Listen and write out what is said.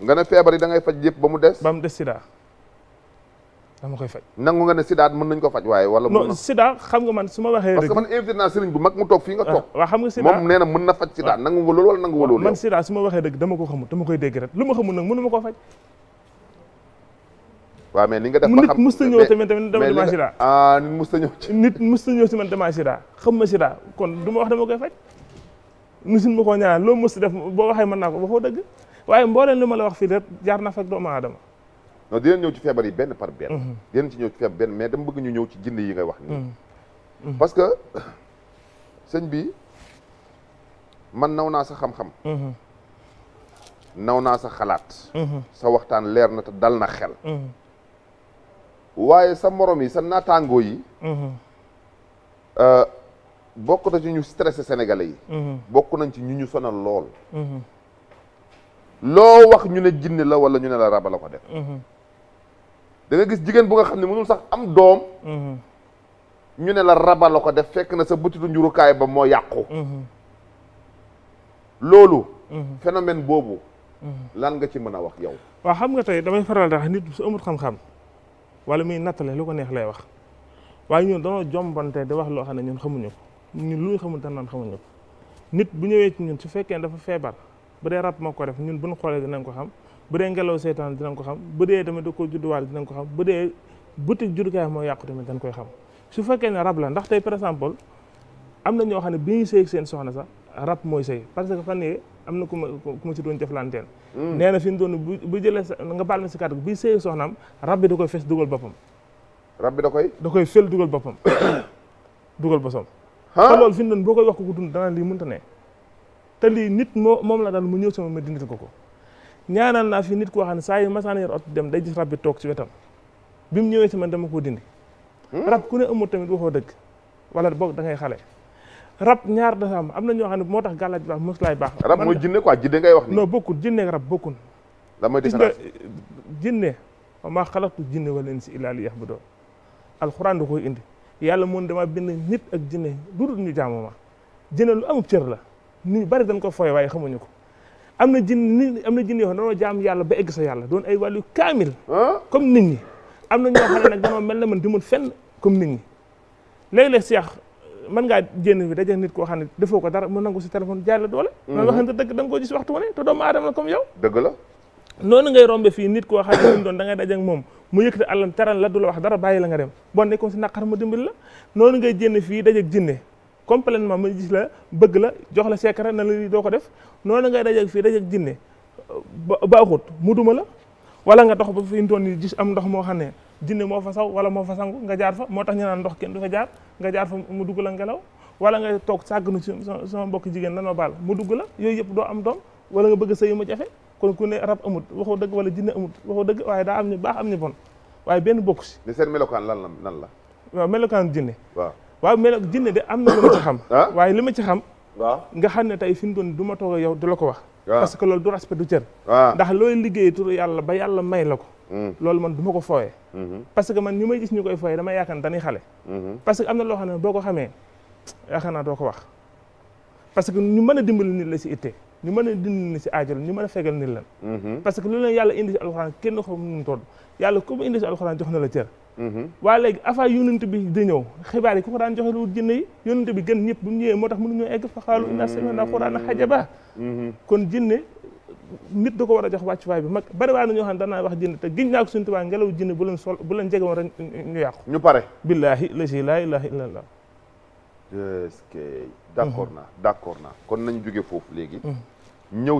nga ne feebar yi da ngay faj yëpp ba mu des. ba mu des sida dama koy faj. nangu nga ne sidaat mën nañ ko faj waaye. wala non sida nga man su ma waxee. parce que man bu mag mu toog fii nga ah, toog. waaw xam nga sida moom nee na mën na faj sida ah. nangu nga loolu nangu nga man sida su ma waxee dëgg dama ko xamul dama koy dégg rek lu ma xamul nag mënu koo faj. waaw mais ni nga def ba xam nit musta ñëw tamit tamit dama dama sida. ah nit musta ñëw ci. nit si man dama sida xam ma sida kon du ma wax dama koy faj. si ma koo ñaanal loo si def boo waxee mën naa ko waxoo dëgg waaye mbooleen li ma la wax fii rek jaar na fa ak doomu aadama non dinañ ñëw ci feebar yi benn par benn mhm. dinañ ci ñëw ci feebar benn mais dama bëgg ñu ñëw ci jinne yi ngay wax nii mhm. Mhm. parce que sëñ bi man naw naa sa xam-xam naw naa sa xalaat sa waxtaan leer na te dal na xel waaye sa morom yi sa naataangoo yi euh, bokk na ci ñu stressé sénégalais yi bokk nañ ci ñu ñu sonal lool loo wax ñu ne jinne la wala ñu ne la raba la ko def mhm. da gis jigéen bu nga xam ne mënul sax am doom mhm. ñu ne la rabala ko def fekk na sa butitu njurukaay ba moo yàqu mhm. loolu phénomène boobu lan nga ci mën a wax yow waaw xam nga tey damay faral dax nit su amul xam-xam wala muy nattale lu ko neex lay wax waaye ñun danoo jombante di wax loo xam ne ñun xamuñu ko lu ñu xamul te naan xamuñu nit bu ñëwee ci ñun su fekkee dafa feebar bu dee rab moo ko def ñun bu ñu xoolee dinañ ko xam bu dee ngelaw seetaan dinañ ko xam bu dee tamit da ko judduwaale dinañ ko xam bu dee boutique juddukaay moo yàqu tamit dañ koy xam su fekkee ne rab la ndax tey par exemple am na ñoo xam ne bi ñuy sëy seen soxna sax rab mooy sëy parce que fan yii am na ku ma ku ma ci doon jëflanteel. Mm. nee na fi mu doon bu bu jëlee nga baal ma si kàddu bi sëy soxnaam rab bi da koy fes dugal boppam. rab da koy. da koy fel dugal boppam dugal bosom. te loolu fi mu doon boo koy wax ko ku dund danaa lii mënta te lii nit moo moom la daal mu ñëw sama ma dindil ko ko ñaanal naa fi nit koo xam ne saa yu masaan yor oto dem day gis rab bi toog ci wetam bi mu ñëwee si man dama koo dindi hmm? rab ku ne amul tamit waxoo dëgg wala boog da ngay xale rab ñaar dafa am am na ñoo xam ne moo tax gàllaaj baax mos laay baax rab mooy jinne quoi jinne ngay wax ni non bokkul jinne ak rab bokkul la mooy différence jinne wa maa xalaqtu jinne wala insi illaa li ya'budoon alxuraan da koy indi yàlla moom dama bind nit ak jinne lu dul ñu jaamu jinne lu amub cër la nit bari dañ ko fooy waaye xamuñu ko am na jinn nit am na jinn yoo xam ne dañoo jaam yàlla ba egg sa yàlla doon ay wàllu kaamil ah? comme nit ñi am na ñoo xam ne nag dañoo mel na man comme nit ñi léeg-léeg seex mën ngaa jénn bi daje koo xam ne defoo ko dara mu nangu si téléphone jaay la doole noonu mm-hmm. dëgg da nga koo gis waxtu wu ne te doomu aadama la la noonu ngay rombe fii nit koo xam ne ñun doon da ngay daje ak moom mu yëkkati àllam teral la du la wax dara bàyyi la nga dem bon nekkoon si naqar ma dimbali la noonu ngay jénn fii daje ak jinne complètement ma gis la bëgg la jox la secret na la doo ko def noonu ngay dajeeg fii dajeeg jinne baaxut muduma la wala nga dox ba fi toon yi gis am ndox moo xam ne jinne moo fa saw wala moo fa sangu nga jaar fa moo tax ñu ndox kenn du fa jaar nga jaar fa mu dugg la ngelaw wala nga toog sàggnu si sama mbokk jigéen nan ma baal mu dugg la yooyu yëpp doo am doom wala nga bëgg sëy mu jafe kon ku ne rab amut waxoo dëgg wala jinne amut waxoo dëgg waaye daa am ñu baax am ñu bon waaye benn bokku si. seen melokaan lan la nan la. waaw melokaan jinne waaw waaw mais nag jinne de am na lu ma ci xam ah? waaye li ma ci xam waaw nga xam ne tey fi mu doon du ma toog yow di la ko wax parce que loolu du respect du cër ndax looy liggéey tur yàlla ba yàlla may la ko mm. loolu man du ma ko fooyee mm-hmm. parce que man ñu may gis ñu koy fooyee dama yaakaar ne dañuy xale mm-hmm. parce que am na loo xam ne boo ko xamee yaakaar naa doo ko wax parce que ñu mën a dimbali nit la si ittee ñu mën a dindi ni si aajal ñu mën a fegal nit lan mm-hmm. parce que lu leen yàlla indi si kenn xam yàlla ku mu indi si alxuraan jox na la cër Mm-hmm. waa léegi afa yonent bi di ñëw xibaar yi ku ko daan joxe lu jinne yi yonent bi gën ñëpp bu mu moo tax mënuñu egg fa xaalu inna sami'na qur'aanan ajaba mm-hmm. mm-hmm. kon jinne nit da ko war a jox wàccuwaay bi mag bari waa na ñoo xam ne danaa wax jinne te giñ naa ko suñu tubaab ngelaw jinne bu leen sol bu leen jege woon rek ñu yàqu ñu pare billaahi lasi laa ilaaha illallah la ce que d'accord naa d'accord naa kon nañ jóge foofu léegi ñëw